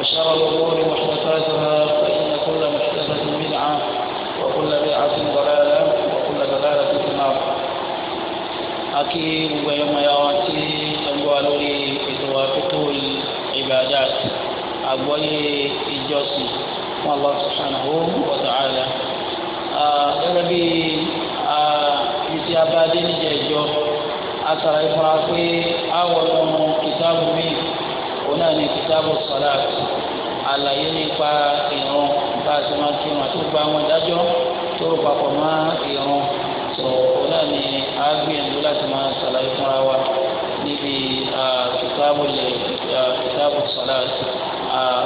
وشر الأمور محدثاتها فإن كل محدثة بدعة وكل بدعة ضلالة وكل ضلالة في النار أكيد ويوم يواتي أنوالوري إتوافق العبادات أبوي الجوسي والله سبحانه وتعالى gẹ́gẹ́ bí ìsì abáde níjẹ̀ẹ́jọ́ àtàrà ìfọ̀rọ̀ pé àwọn òun náà ní kìtàbù sọlá àlàyé nípa ìrun bá a ti máa kí wọn tó bá wọn dájọ́ tó papọ̀ mọ́ ìrun tó òun náà ní agbìyànjú láti máa ṣàlàyé fúnra wa níbi kìtàbù lè kìtàbù sọlá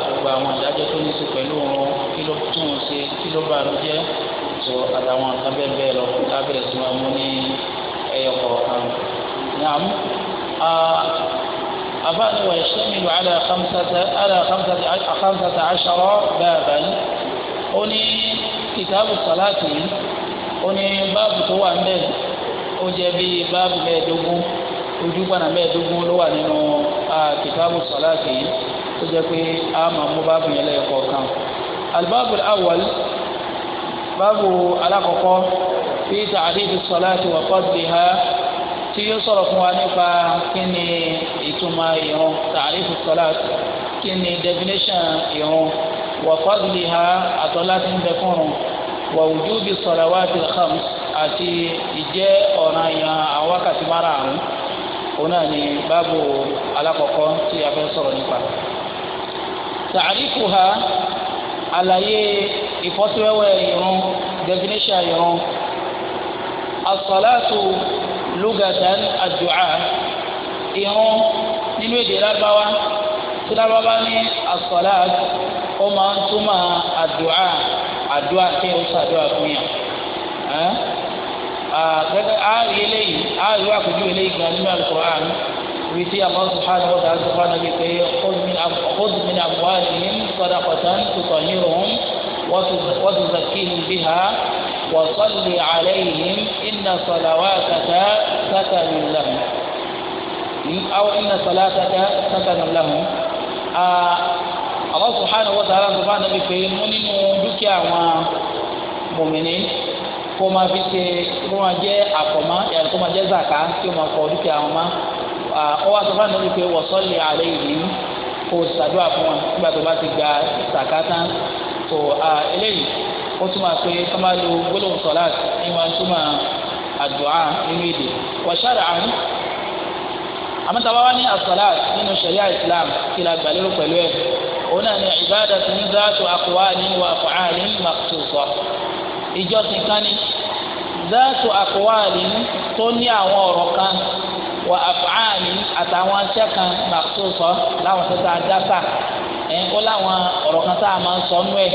gbogbo àwọn ìdájọ́ tó ní í ṣe pẹ̀lú òun kí ló tún un ṣe kí ló bá a jẹ́ tó àtàwọn nǹkan bẹ́ẹ̀ bẹ́ẹ̀ lọ lábẹ́rẹ́ tí wọ́n mú ní ẹyọ kọ̀ọ̀kan àfáàní wà ìṣẹ́mìlú àlà àkàmsàtà àṣàrọ̀ bàbá yìí ó ní kìtàbù sàláàtì yìí ó ní báàbù tó wà ńbẹ̀ ó jẹ́ bí báàbù mẹ́ẹ̀ẹ́dógún ojú gbọ́nà mẹ́ẹ̀ẹ́dógún ló wà nínú kìtàbù sàláàtì yìí ó jẹ́ pé a máa mú báàbù yẹn lẹ́ẹ̀kọ̀ọ̀kan. albáàbù awwal báàbù alákọ̀ọ́kọ́ fi ta'rif as-salati wa fadliha tí yóò sọ̀rọ̀ fún wa nípa kí ni ìtumọ̀ ìrun tààrífù sọ́láàt kí ni definition ìrun wa fadliha àtọ́lá ti ń bẹ fún un wa wujubi salawatil khams àti ìjẹ́ ọ̀ràn yàn àwọn wákàtí márààrún òun náà ni báàbò alákọ̀ọ́kọ́ tí a fẹ́ sọ̀rọ̀ nípa. tààrífùha àlàyé ìfọ́síwẹ́wẹ́ ìrun definition ìrun as lugatan adu'a irun nínú èdè lábáwá tí lábáwá ní asọ́lá ó máa ń túmọ̀ adu'a adu'a kí ó sàdúrà fún yàn gẹ́gẹ́ àárí eléyìí àárí wà kújú eléyìí gan nínú Al-Qur'an ibi tí Allah subhanahu wa ta'ala sọ̀rọ̀ náà wípé khudh min amwalihim sadaqatan tutahhiruhum wa tuzakkihim biha. وصل عليهم إن صلواتك سكن لهم أو إن صلاتك سكن لهم آه الله سبحانه وتعالى سبحانه بفهم من دك مؤمنين kó máa fi ṣe kó máa jẹ àkọ́mọ́ yàrá kó máa jẹ zaka kí o máa kọ dúkìá wọn má ọ wá sọ fún àwọn olùkọ́ wọ̀sọ́lì àlẹ́ yìí kó o ṣàdúrà fún wọn nígbà tó bá ti gba zaka tán tó eléyìí ó túmọ̀ pé ká máa lo gbólóhùn sọ̀láàtì ní wọn túmọ̀ àdúà nínú èdè wàṣàrà àánú àmọ́tàbá wa ní asọ̀láàtì nínú ṣẹ̀ríà islam kí la gbà lérò pẹ̀lú ẹ̀ òun náà ní ìbáàdà tó ń dáàtò àkùwáàní wà fàáàní màtòsọ ìjọsìn kan ní dáàtò àkùwáàní tó ní àwọn ọ̀rọ̀ kan wà àfààní àtàwọn aṣẹ́ kan màtòsọ láwọn tó ta dá sà ẹ̀ ń kó láwọn ọ̀rọ̀ kan tá a máa ń sọ nú ẹ̀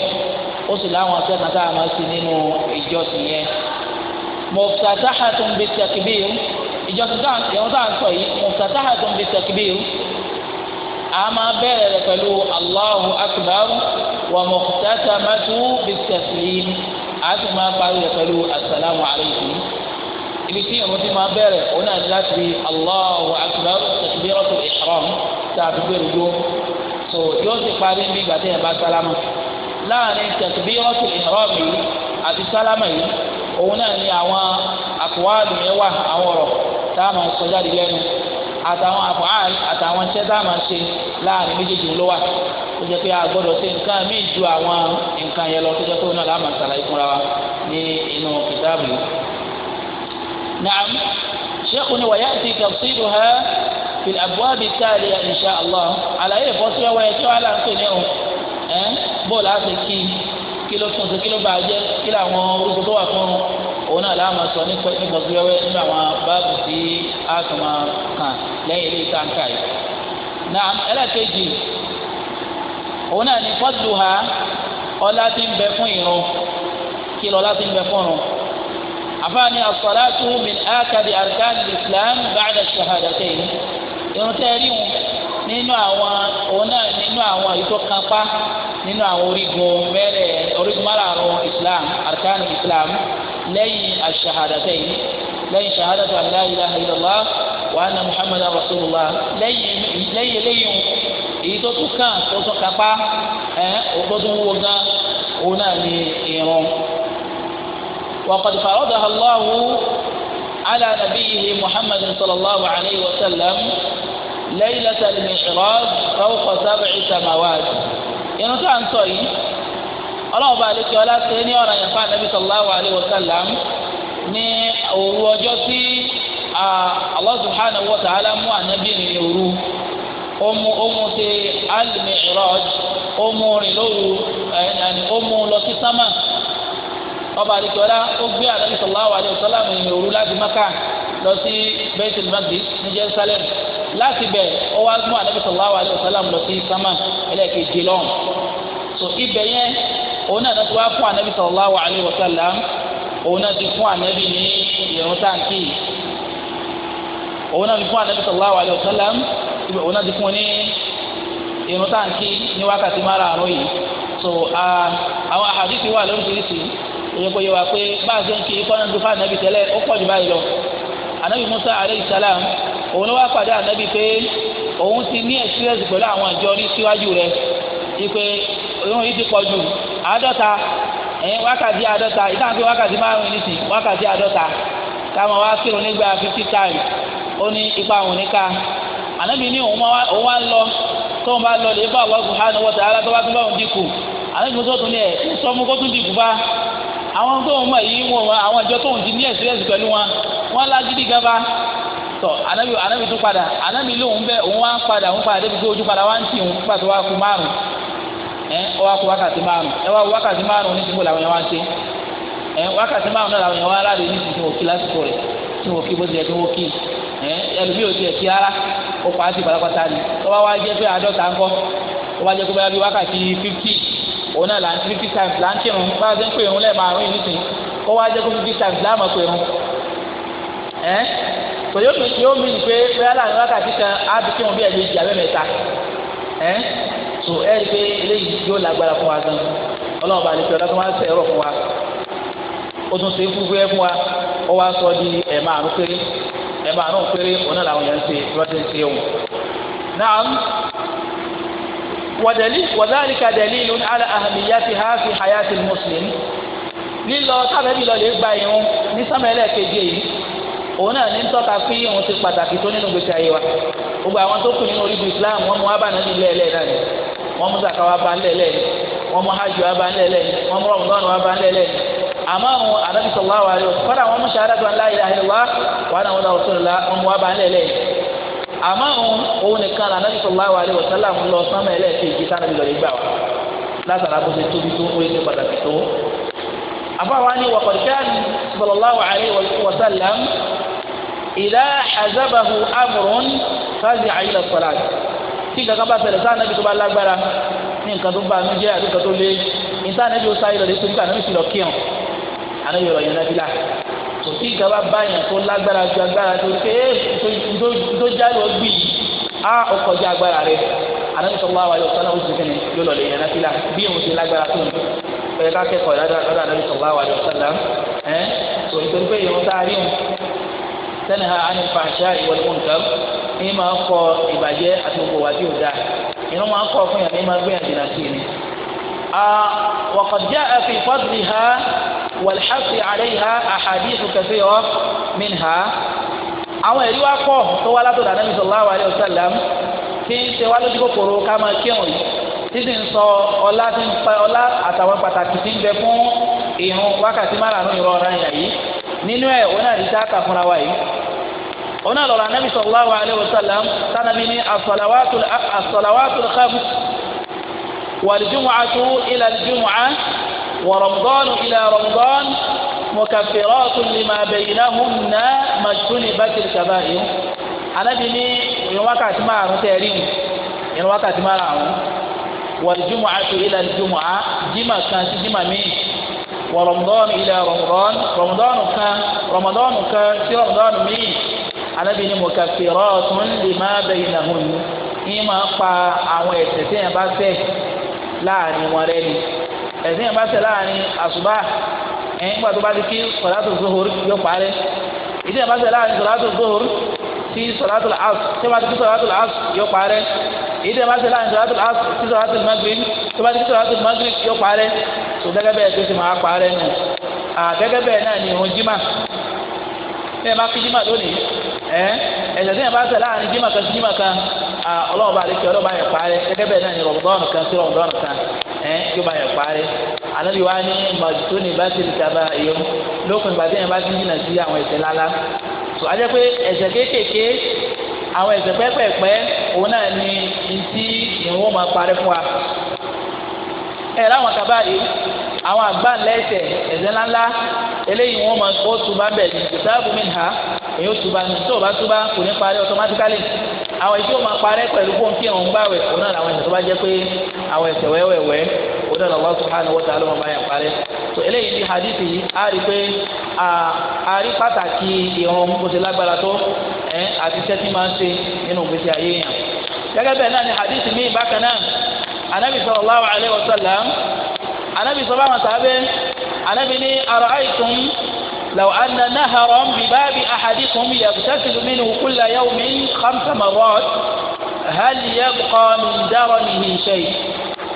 ó sì láwọn akẹ́kọ̀ọ́ náà táwọn máa ń ṣe nínú ìjọsìn yẹn muftatahatun bitakbir ìjọsìn táwọn ìyẹn táwọn sọ yìí muftatahatun bitakbir a máa bẹ̀rẹ̀ rẹ̀ pẹ̀lú Allahu akbar wa mukhtatamatu bitaslim a sì máa parí rẹ̀ pẹ̀lú asalaamu alaykum ibi tí ìrun ti máa bẹ̀rẹ̀ òun náà láti rí Allahu akbar takbiratul ihram tàbí gbèrú so yóò ti parí bí gbàtẹ́yìn bá sálámù láàrin takbiratu ihram yìí àti sálámà yìí òun náà ni àwọn àkùwádùn yẹn wà àwọn ọ̀rọ̀ tá a máa sọ jáde lẹ́nu àtàwọn àfọ̀hán àtàwọn iṣẹ́ tá a máa ṣe láàrin méjèèjì ló wà tó jẹ́ pé a gbọ́dọ̀ ṣe nǹkan míì ju àwọn nǹkan yẹn lọ tó jẹ́ pé òun náà la máa ṣàlàyé fúnra wa ní inú kìtáàbù yìí. naam sheikh ni wàyà ti tafsiru ha fi abwaabi taaliya insha allah àlàyé ìfọ́síwẹ́wẹ́ tí wàá là ń pè ní o bọ́ọ̀lù láti kí kí ló tún ṣe kí ló bá a jẹ kí làwọn orúkọ tó wà fún òun náà láwọn sọ nípa nígbàgbé wẹ́wẹ́ nínú àwọn báàbù tí a tún máa kàn lẹ́yìn ilé ìtànkà yìí. na ẹlẹ́kejì òun náà ní fọ́tù ha ọlá ti ń bẹ fún ìrun kí lọ́lá ti ń bẹ fún ìrun. àfààní as-salatu min akadi arkan islam ba'da shahadatayn irun tẹ́ẹ̀rí nínú àwọn òun náà nínú àwọn ìtọ́kápá nínú àwọn orígun mẹ́rẹ̀ orígun márààrún islam arkan islam lẹ́yìn aṣahadatayi lẹ́yìn shahadatu an la ilaha illallah wa anna muhammadan rasulullah lẹ́yìn lẹ́yìn lẹ́yìn èyí tó tún kàn tó tún kápá ẹ̀ tó tún wúwo gan òun náà ni ìrun. وقد فرضها الله على نبيه محمد صلى الله عليه وسلم ليلة المعراج فوق سبع سماوات irun tá à ń sọ yìí ọlọ́run bá àlejò ọlá ṣe ní ọ̀ràn yẹn fún anabi sallallahu alayhi wa sallam ní òru ọjọ́ tí Allah subhanahu wa ta'ala mú anabi rìn òru ọmú ọmú ṣe al-mi'raj ọmú rìn lóru ẹ̀ẹ́nì ọmú lọ sí sámà ọba àlejò ó gbé anabi sallallahu alayhi wa sallam rìn òru láti Maka lọ sí Baitul Maqdis ní Jerusalem. láti bẹ̀ ọ wá mú anabi sallallahu alayhi wa lọ sí ẹlẹ́ẹ̀kejì lọ́n so ibẹ̀ yẹn òun náà ti wá fún anabi sallallahu alayhi wa òun náà ti fún anabi ní ìrún táǹkì òun náà ti fún anabi wa òun náà ti fún ní ìrún táǹkì ní wákàtí yìí so àwọn wà lóríṣiríṣi pé òun ló wá pàdé ànábì pé òun ti ní experience pẹ̀lú àwọn àjọ ní síwájú rẹ̀ ipe irun yìí ti pọ̀ ju àádọ́ta ẹ̀yìn wákàtí àádọ́ta ìtàn pé wákàtí márùn-ún nìsín wákàtí àádọ́ta káwọn wá kírun nígbà fifty times ó ní ipa òun níka ànábì ní òun wá ń lọ tó ń bá lọ lè bá Allah subhanahu wa ta'ala tó bá tún bá òun dínkù ànábì tó tún ní ẹ̀ sọmú kó tún dínkù bá àwọn tó ń mọ̀ yìí wọn àwọn àjọ tó ń ti ní experience pẹ̀lú wọn wọn lágídí gan tọ anabi anabi tún padà anabi lóun bẹ òun wá ń padà òun padà débi pé ojú padà wá ń tì òun pàtó wá kú márùn ẹ ọ wá kú wákàtí márùn ẹ wá wákàtí márùn ní tìǹbù làwọn yẹn wá ń ṣe ẹ wákàtí márùn náà làwọn yẹn wá aláàdé ní tìǹbù òkì lásìkò rẹ tí wọn kí bó ti yẹ kí wọn kí ẹ ẹlòmíì ò tiẹ̀ kí ara ó pa á ti balapata ni tó wá jẹ́ pé àádọ́ta ńkọ́ tó bá jẹ́ pé báyà bí wákàtí fifty òun náà fifty times là ń kírun bá a ti ń pè irun lẹ́ẹ̀ fifty times láàmú pè irun ẹ tò yóò tún yóò mí pé bóyá láàrin wákàtí kan á bí kí wọn bí ẹ̀mí ìjà mẹ́ta ẹ̀ tó ẹ̀ rí pé eléyìí yóò lágbára fún wa gan ọlọ́run bá lè fi ọlọ́run máa ń fún wa ó tún ṣe fúfúyẹ́ fún wa ó wá sọ di ẹ̀ẹ̀mà àrùn péré ẹ̀ẹ̀mà àrùn péré òun náà làwọn yẹn ń ṣe lọ́dún ṣe òun. náà wàdàlí wàdàlí kàdàlí ìlú ala hayati muslim lílọ sábẹ́bí lọ lè gba ìrun ní sámẹ́lẹ̀ keje yìí òun náà ní tọ́ka pé òun ti pàtàkì tó nínú gbèsè ayé wa gbogbo àwọn tó kù nínú orí islam wọ́n mú abànú ní lẹ́ẹ̀lẹ́ náà ni mú zaka wa bá lẹ́ẹ̀lẹ́ ni wọ́n mú hajj wa bá lẹ́ẹ̀lẹ́ ni wọ́n mú rọ̀mùdọ́nù wa bá lẹ́ẹ̀lẹ́ ni àmọ́ àwọn anabi sọ̀rọ̀ wa rẹ̀ fọ́nà wọ́n mú sàádàtú ńlá ilẹ̀ wa wà náà wọ́n náà wọ́n la mú wa bá lẹ́ẹ̀lẹ́ ni àmọ́ àwọn òun nìkan wa rẹ̀ ìlà àzábàhù amrun fáàzì àyílẹ̀ sọ̀lá tí kankan bá ṣẹlẹ̀ sáà nàbì tó bá lágbára ní nǹkan tó bá mi jẹ́ àti nǹkan tó lé níta nàbì ó sáyé lọ́dẹ sórí kànáà fi lọ kíọ̀n ànábì ọ̀rọ̀ yẹn nàbì là kò sí ìgbà bá báyàn tó lágbára ju agbára tó ké tó jáde ọgbì á ọkọjá agbára rẹ ànábì sọ̀rọ̀ àwọn àyọ̀ sọ́nà ó ti kẹ́ni yóò lọ́dẹ yẹn nàbì là bí òun ti lágbára tó ní ọ̀yẹ́ ká kẹ́kọ̀ọ́ tẹnaha ani fàṣà ìwọlùmọ nǹkan ní máa kọ ìbàjẹ́ àti gbogbo wàjú ọdá inú máa kọ fún yàrá ní máa gbé yàrá sí ni. وقد جاء في فضلها والحث عليها أحاديث كثيرة منها àwọn ẹ̀rí wa pọ̀ tó wá látọ̀dọ̀ Ànábì sallallahu alayhi wa sallam tí ń ṣe wá lójú kòkòrò ká máa kírun yìí tí sì ń sọ ọlá tí ń pa ọlá àtàwọn pàtàkì tí ń bẹ fún ìrun wákàtí márùn-ún ìrọ̀ ọ̀ràn yìí nínú ẹ̀ òun náà rí sáà kà fúnra wa yìí ona lọ́rọ̀ anabi sallallahu alayhi wa sallam sanabi ni asalawatul asalawatul khams walijumucatu ila aljumuca wa ramadaanu ila ramadaan mukafiraatun lima baynahunna majtuni batil kabaa'ir anabi ni ìrun wákàtí márùn tẹ̀rí ìrun wákàtí márùn walijumucatu ila aljumuca jima kan si jima miin wa ramadaan ila ramadaan ramadaan kan ramadaan kan si ramadaan miin alábì ní mukaffiratun lima bainahun ní máa pa àwọn ẹ̀ṣẹ̀ tí yẹn bá ṣẹ̀ láàrin wọn rẹ ni ẹ̀ṣẹ̀ tí yẹn bá ṣẹ̀ láàrin àṣùbà ẹ̀yìn gbà tó bá ti kí sọ̀látò zuhuri yóò parẹ́ ìdí yẹn bá ṣẹ̀ láàrin sọ̀látò zuhuri sí sọ̀látò asr tí yẹn bá ti kí sọ̀látò asr yóò parẹ́ ìdí yẹn bá ṣẹ̀ láàrin sọ̀látò asr sí sọ̀látò magrib tó bá ti kí sọ̀látò magrib yóò parẹ́ tó gẹ́gẹ́ bẹ́ẹ̀ tó ti máa parẹ́ nù gẹ́gẹ́ bẹ́ẹ̀ náà ni òun jimá bẹ́ẹ̀ má fi jimá lónìí ẹ eh, ẹ̀jẹ̀ tí yẹn bá tẹ̀ láàrin jimá kan sí jimá kan ọlọ́run bá àlekè ọlọ́run bá yẹn parí gẹ́gẹ́ bẹ́ẹ̀ náà ni rọ̀bọ̀dọ́ọ̀nù kan sí rọ̀bọ̀dọ́ọ̀nù kan ẹ eh, yóò bá yẹn parí anabi wa ni mọ̀tò ní kaba iyo lókun ìgbà yẹn bá ti jìnnà sí àwọn ẹ̀ṣẹ̀ tó a jẹ́ pé ẹ̀ṣẹ̀ kéékèèké àwọn ẹ̀ṣẹ̀ pẹ́pẹ́pẹ́ òun náà ni ntí ìwọ́n máa parí fún wa ẹ̀ láwọn kaba yìí àwọn èyí ó túba ní tó o bá túba kò ní parí automatically àwọn èyí tí ó máa parẹ́ pẹ̀lú bóun kí òun gbà wẹ̀ òun náà làwọn èyí tó bá jẹ́ pé àwọn ẹ̀ṣẹ̀ wẹ́wẹ́wẹ́ òun náà lọ́wọ́ subhanahu wa ta'ala máa yàn parẹ́ tó eléyìí ní hadith yìí a rí pé a rí pàtàkì ìrun bó lágbára tó ẹ̀ àti iṣẹ́ máa ń ṣe nínú ìgbésí ayé yàn gẹ́gẹ́ bẹ́ẹ̀ náà ni hadith mi bákan náà anabi sọ لو أن نهرا بباب أحدكم يغتسل منه كل يوم خمس مرات هل يبقى من درنه شيء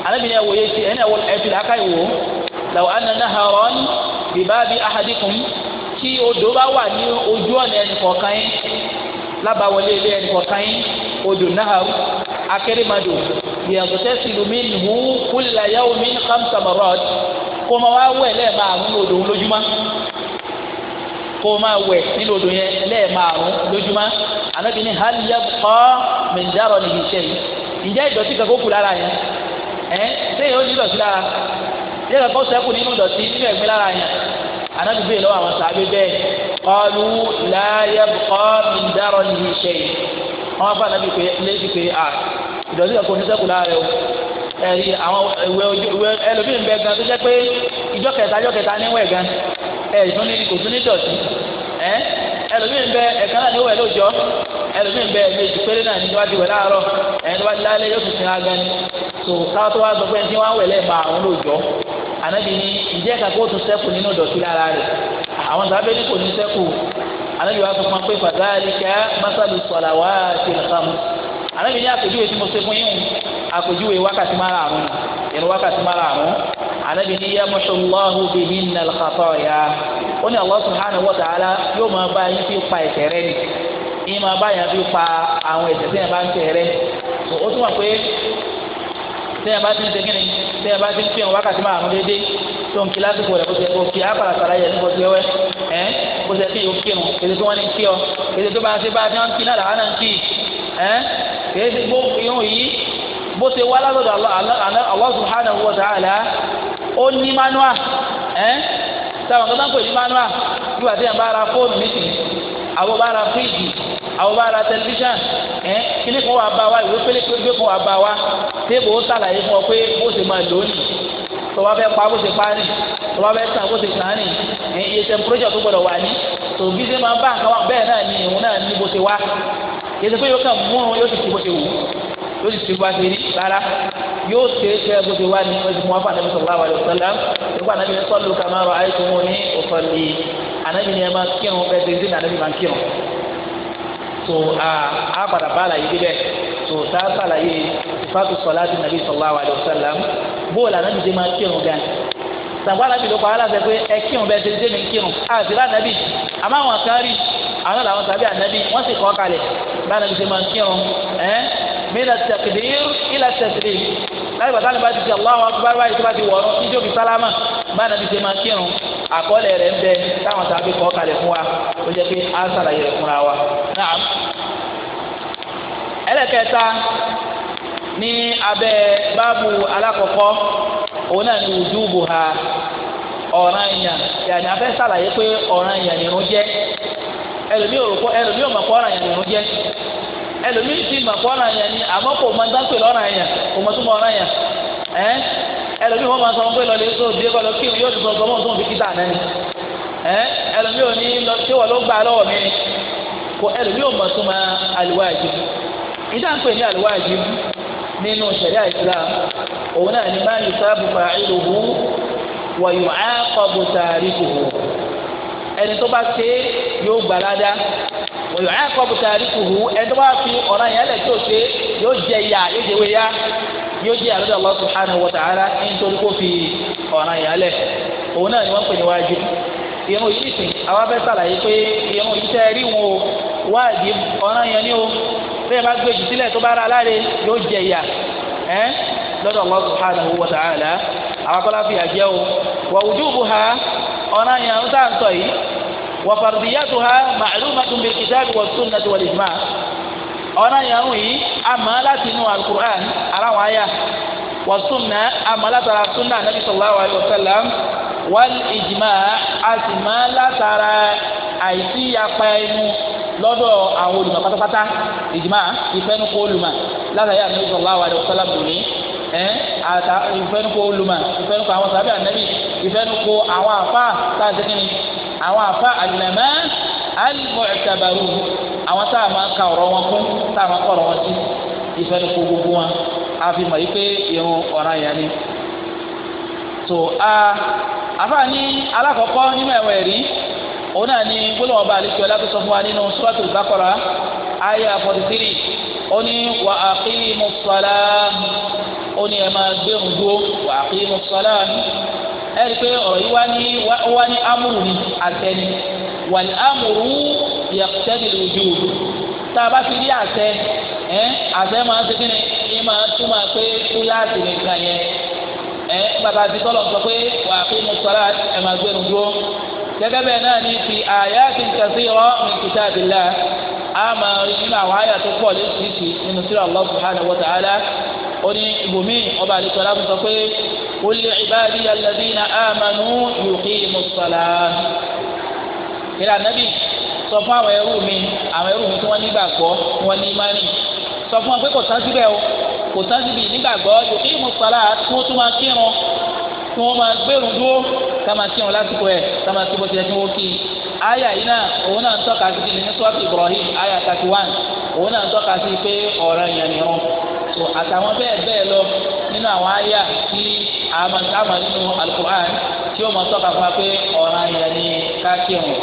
أنا بني أول أنا أول في الحكاية لو أن نهرا بباب أحدكم tí odò bá wà ní ojú ọ̀nà ẹnìkọ̀ọ̀kan yín lábàwọlé ilé ẹnìkọ̀ọ̀kan yín odò náà akérèmọdò yẹ̀gùtẹ́ sílùmí nìhú kúlẹ̀ yẹ́wùmí kàmsàmọ́rọ́d kó máa wá wẹ̀ lẹ́ẹ̀ máa ń lò dòun lójúmọ́. kó o máa wẹ̀ nínú odò yẹn lẹ́ẹ̀márùn lójúmọ́ ànábi ní hàlíyà kọ́ mẹ̀ndàrọ̀ nìyí iṣẹ́ yìí ǹjẹ́ ìdọ̀tí kankan kù lára yẹn ẹ̀ sẹ́yìn ó ní ìdọ̀tí lára ìdí kankan sẹ́kù nínú ìdọ̀tí nínú lára yẹn bẹ́ẹ̀ lọ́wọ́ àwọn bẹ́ẹ̀ kọlu kọ́ bá pé ìdọ̀tí kankan ní sẹ́kù lára o àwọn ẹlòmíì ń bẹ gan tó jẹ́ pé ìjọ kẹta ẹ ìtún ní kò tún ní dọ̀tí ẹ ẹlòmíín bẹ ẹ̀ka náà ní wẹ̀ lóòjọ́ ẹlòmíín bẹ méjì péré náà ní wájú wẹ̀ láàárọ̀ ẹni wájú lálẹ́ yóò tún sin agan ni tó káwọ́ tó wá sọ pé tí wọ́n wẹ̀ lẹ́ẹ̀ma àwọn lóòjọ́ ànábì ní ìjẹ́ kakó tún sẹ́kù nínú dọ̀tí lára rẹ̀ àwọn kò ní sẹ́kù wá fún pé anabi ni yamushu Allahu bihinna al-khataya ó ní Allah subhanahu wa ta'ala yóò máa bá yín fi pa ẹ̀ṣẹ̀ rẹ̀ ni yín máa bá yín fi pa àwọn ẹ̀ṣẹ̀ tí bá ń tẹ̀ rẹ̀ so ó túmọ̀ pé tẹ́yà bá ti ń segin ni tẹ́yà bá ti ń pín wákàtí máa mú dédé tó ń kí lásìkò rẹ̀ bó ṣe kó kí apàlàsàlà yẹ nípa tiẹ̀ wẹ́ ẹ́ bó ṣe kí yóò kí kéde tó wọ́n ní kí ọ kéde tó bá ṣe bá ti ń kí náà làwọn náà ń kí ẹ́ kéde bó yóò bó ṣe wá lásòdò Allah subhanahu wa ta'ala ó ní manual ẹ sábà nǹkan tó ń pè ní manual nígbà tí yẹn bá ra fóònù nìsín àwọn bá ra fíríjì àwọn bá ra tẹlifíṣàn ẹ kíní kan wà bá wa ìwé pélépélé kan wà bá wa téèbù ó sàlàyé fún ọ pé bó ṣe máa lò ó nì tó bá fẹ́ pa bó ṣe pa nì tó bá fẹ́ tàn bó ṣe tàn nì iye tẹmpúrẹ́ṣọ̀ tó gbọdọ̀ wà ní tó bí ṣe máa bá nǹkan wà bẹ́ẹ̀ náà ni ìhun náà ní bó ṣe wá yẹ yóò ṣe é ṣe bó ṣe wá ní ọjọ́ mọ́ fún anabi sallallahu alaihi wasallam nípa anabi ní sọ́lù kama ra'aytumuni usalli anabi ní ẹ máa kírun bẹ́ẹ̀ ṣe ń dín anabi máa kírun so a padà bá àlàyé bíbẹ̀ so tá a sàlàyé ìfàtú salati nàbí sallallahu alaihi wasallam bóòlù anabi ṣe máa kírun gan sàgbà anabi ló pa aláṣẹ pé ẹ kírun bẹ́ẹ̀ ṣe ń dín kírun àti bá anabi àmọ́ àwọn kan rí àwọn làwọn sàbí anabi wọ́n sì kọ́ kalẹ̀ bá anabi ṣe máa kírun ẹ́ min at-takbir ila at-taslim láti bàtà nípa ti ti Allahu Akbar báyìí tó bá ti wọ̀ọ́rọ́ tí yóò fi sálámà bá nàbí ṣe máa kírun àkọọ́lẹ̀ rẹ̀ ń bẹ táwọn tàbí kọ́ kalẹ̀ fún wa ó jẹ́ pé á sàlàyé rẹ̀ fúnra wa. Naam. ẹlẹ́kẹta ní abẹ́ báàbù alákọ̀ọ́kọ́ òun náà ni wujubu ha ọ̀ràn èèyàn yàní afẹ́ sàlàyé pé ọ̀ràn èèyàn nìrún jẹ́ ẹlòmíì ò ọ̀ràn èèyàn nìrún jẹ́ ẹlòmíì ti mà kọ́ ọ̀ràn yẹn ni àmọ́ kò mọ dáńpẹ̀ lọ́ràn yẹn kò mọ túmọ̀ ọ̀ràn yẹn ẹ ẹlòmíì wọn máa sọ pé lọ tó dé kọ́ lọ kí yóò ti sọ ọmọ tó ń fi kíta ni ẹ ẹlòmíì lọ tí ló gbà lọ́wọ́ mi kò ẹlòmíì ò wòye ayé akọbu tari kuhu ẹni fi ọ̀ràn yẹn lẹ̀ tó yóò jẹ ya yóò jẹ wéya yóò jẹ subhanahu wa ta'ala nítorí kó fi ọ̀ràn yẹn lẹ̀ òun náà ni wọ́n pè ní wájú irun yìí sìn àwọn abẹ́ sàlàyé pé irun yìí tẹ́ rí wọn o wáàdì yẹn ni o bá gbé jù tó bá yóò jẹ ya subhanahu wa ta'ala àwọn fi o wà ha, وفرضياتها معلومة بالكتاب والسنة والإجماع أنا يروي أما لا تنوى القرآن على وعيا والسنة أما لا ترى السنة النبي صلى الله عليه وسلم والإجماع أما لا ترى àìsí apá ẹnu lọ́dọ̀ àwọn olùmọ̀ pátápátá ìjìmá ìfẹ́nukọ olùmọ̀ látàrí ànábì sallallahu alaihi wasallam ní ẹ àtà ìfẹ́nukọ olùmọ̀ ìfẹ́nukọ àwọn sàbẹ̀ ànábì ìfẹ́nukọ àwọn àfáà tá a ṣe kí àwọn afa alẹ́mẹ́ alimọ̀ẹ́tàbàrú àwọn tá a máa ka ọ̀rọ̀ wọn kún tá a máa kọ̀ ọ̀rọ̀ wọn sí ìfẹ́nukú gbogbo wọn a fi mọ̀ yí pé irun ọ̀ràn yẹn ni. tó a afa ní alákọ̀ọ́kọ́ nínú ẹ̀wọ̀ ẹ̀rí òun náà ni gbólóhùn ọba àlejò ọlá tó sọ fún wa nínú suratul Baqara aya forty three ó ní wa aqimu ssalah ó ní ẹ máa gbẹ̀rún dúró wa aqimu ssalah ẹ̀rí pé ọ̀rọ̀ yìí wá ní wá ní amúrù ni àtẹni wal amúrù yaqtadi tá a bá fi rí àtẹ ẹ̀ àtẹ máa ń segin ní máa túmọ̀ pé kúláàsì nìkan yẹn ẹ̀ bàbá tọ́lọ̀ sọ pé wa aqimu salat ẹ̀ máa gbẹ̀rù dúró gẹ́gẹ́ bẹ́ẹ̀ náà ní fi a máa rí nínú àwọn àyà tó pọ̀ nínú wa قل لعبادي الذين آمنوا يقيموا الصلاة إلى النبي sọ fún àwọn ẹrú mi àwọn ẹrú mi tí wọ́n nígbàgbọ́ wọ́n ní mánì sọ fún wọn pé kò tán síbẹ̀ o kò tán síbi nígbàgbọ́ yuqimu salat tí wọ́n tún máa kírun tí wọ́n máa gbẹ̀rún dúró ká máa kírun lásìkò ẹ̀ ká máa kí bó ti yẹ kí wọ́n kí i aya yìí náà òun náà ń tọ́ka sí ní sọ́ọ̀tì Ibrahim aya thirty one òun náà ń tọ́ka sí pé ọ̀ranyàn ni wọn so àtàwọn bẹ́ẹ̀ bẹ́ẹ̀ lọ nínú àwọn àyà tí àmà nínú alukur'an tí ó máa tọ́ka fún wa pé ọ̀ràn yẹn ni kákìrùn.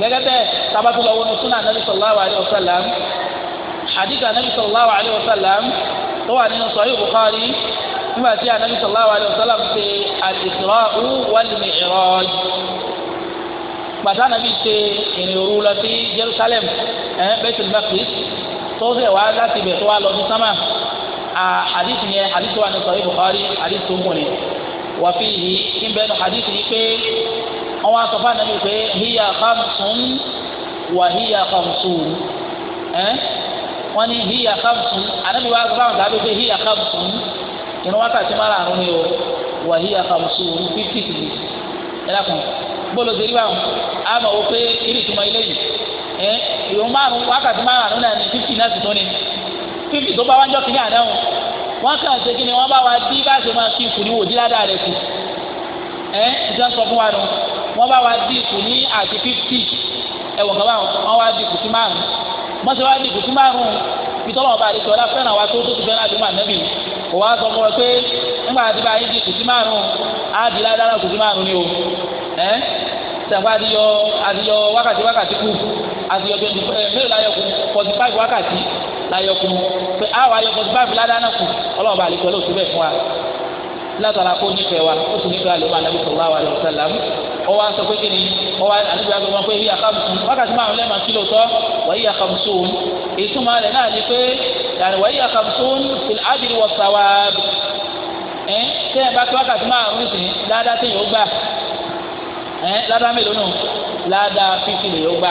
gẹ́gẹ́ bẹ́ẹ̀ tabatulọ̀ wọnú súnà nàbí sallallahu alayhi wa sallam hadith anabi sallallahu alayhi wa sallam tó wà nínú sahih bukhari nígbà tí anabi sallallahu alayhi wa sallam ṣe al-isra'u wal-mi'raj gbàtà anabi ṣe ìrìn òru lọ sí jerusalem ẹ̀ bẹ́tùl maqdis tó fẹ́ wá láti ibẹ̀ tó wá lọ sí sámà àdìsí yẹn àdìsí wa ní sọ ibùkárí àdìsí tó mú ni wà fi yìí kí n bẹ́ẹ̀ nù àdìsí yìí pé àwọn asọ̀fà náà yìí pé hiya khamsun wà hiya khamsun ẹ́ wọ́n ní hiya khamsun ànábi wa sọ̀rọ̀ àwọn sábẹ́ pé hiya khamsun ìrún wákàtí mara àrùn ni o wà hiya khamsun fífi tìlì ẹ̀ dàkùn bọ́ọ̀lù ṣe rí báwọn àmọ̀ wò pé irìtúmọ̀ ilé yìí ẹ̀ ìrún márùn wákàtí mara àrùn náà ní fífi náà ti tó ni mọ́sílì tó bá wá ń jọ́ kínní àná wọn kàn ṣe kí ni wọ́n bá wa dí bá ṣe máa fi ikùn ní wòdí ládàá rẹ̀ kù ẹ́ ìṣe ń sọ fún wa nù wọ́n bá wa dí ikùn ní àti fífítì ẹ̀wọ̀n kan báwọn wọ́n wá dí ikùn sí márùn mọ́sí wa dí ikùn sí márùn bitọ́lọ̀ ọba àdìsọ ọlá fẹ́ràn wa tó tó ti fẹ́ràn àdúgbò ànábì kò wá sọ fún wa pé ńgbà àti bá yín di kùsí márùn á di ládàá náà kùsí márùn ni o ẹ́ sẹ́kọ̀ adiyọ adiyọ wákàtí wákàtí kù adiyọ láyọkùn pé àwọn ayọkùn tó bá fi ládàá náà kù ọlọ́ọ̀bà àlejò ló ti bẹ̀ fún wa látara kó nífẹ̀ẹ́ wa ó sì nífẹ̀ẹ́ àlùmọ́ àlẹ́ sallallahu alaihi wasallam ó wá sọ pé kí ni ó wá àlejò àgbẹ̀ wọn pé yíyá kàmùsùn wákàtí máa ń lẹ́ẹ̀mà kílò tọ́ wọ́n yíyá kàmùsùn ìtumọ̀ rẹ̀ náà ni pé yàrá wọ́n yíyá kàmùsùn fil adli wa sawab ẹ̀ tẹ́yìn bá tó wákàtí máa ń sìn dáadáa tẹ́yìn gbà ẹ̀ ládàá mélòó nù ládàá fífi lè ó gbà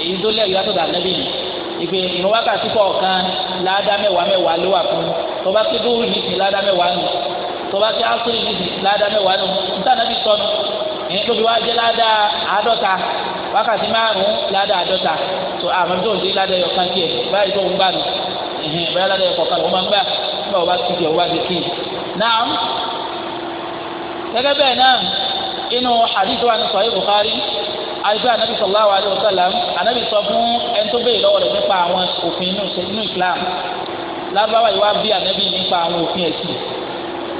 èyí tó lẹ́yìn yàtọ̀ dànẹ́bí yìí ìgbè ìrun wákàtí kọ̀ọ̀kan láàdá mẹ́wàá mẹ́wàá ló wà fún tó bá ké dóòrì ní ìsìn láàdá mẹ́wàá nù tó bá ké ásírì ní ìsìn láàdá mẹ́wàá nù ntànàbí sọnù èyí tó fi wá jẹ́ láàdá àádọ́ta wákàtí márùn-ún láàdá àádọ́ta tó àmọ́ tó ń di láàdá yọ kan tiẹ̀ báyìí tó ń gbà nù ẹ̀hìn báyìí láàdá yọ kọ̀ọ̀kan ló máa ń gbà nígbà wo bá ti tiẹ̀ wo bá ti kí náà gẹ́gẹ́ bẹ́ẹ̀ náà inú hadith àyíká anabi sallallahu alayhi wa sallam anabi sọ fún ẹni tó béèrè lọ́wọ́ rẹ̀ nípa àwọn òfin inú islam lábáwá yìí wá bí anabi nípa àwọn òfin ẹ̀sìn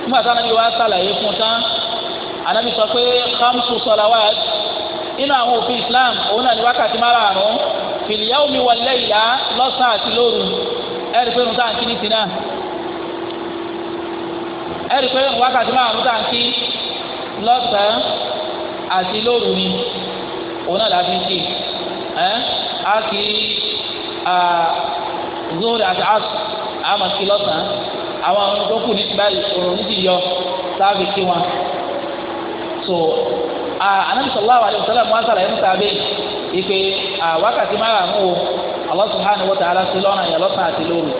nígbà tí anabi wá sàlàyé fún tán anabi sọ pé khamsu salawat inú àwọn òfin islam òun náà ní wákàtí márààrún fil yawmi wal layla lọ́sàn-án àti lóru ẹ̀rí pé nùtà ń kí ní tìǹà ẹ̀rí pé wákàtí márààrún tà ń kí lọ́sàn àti lóru ni òun náà láti ń kí ẹ á kí zoro àti asu á máa kí lọ́sàn-án àwọn àwọn tó kù ní báyìí òrùn ti yọ sáàbì kí wọn. so anabi sallallahu alayhi wa sallam wọn sàlàyé nípa abẹ́ ìpè wákàtí márùn-ún o Allah subhanahu wa ta'ala sí lọ́rùn ẹ̀yà lọ́sàn-án àti lóru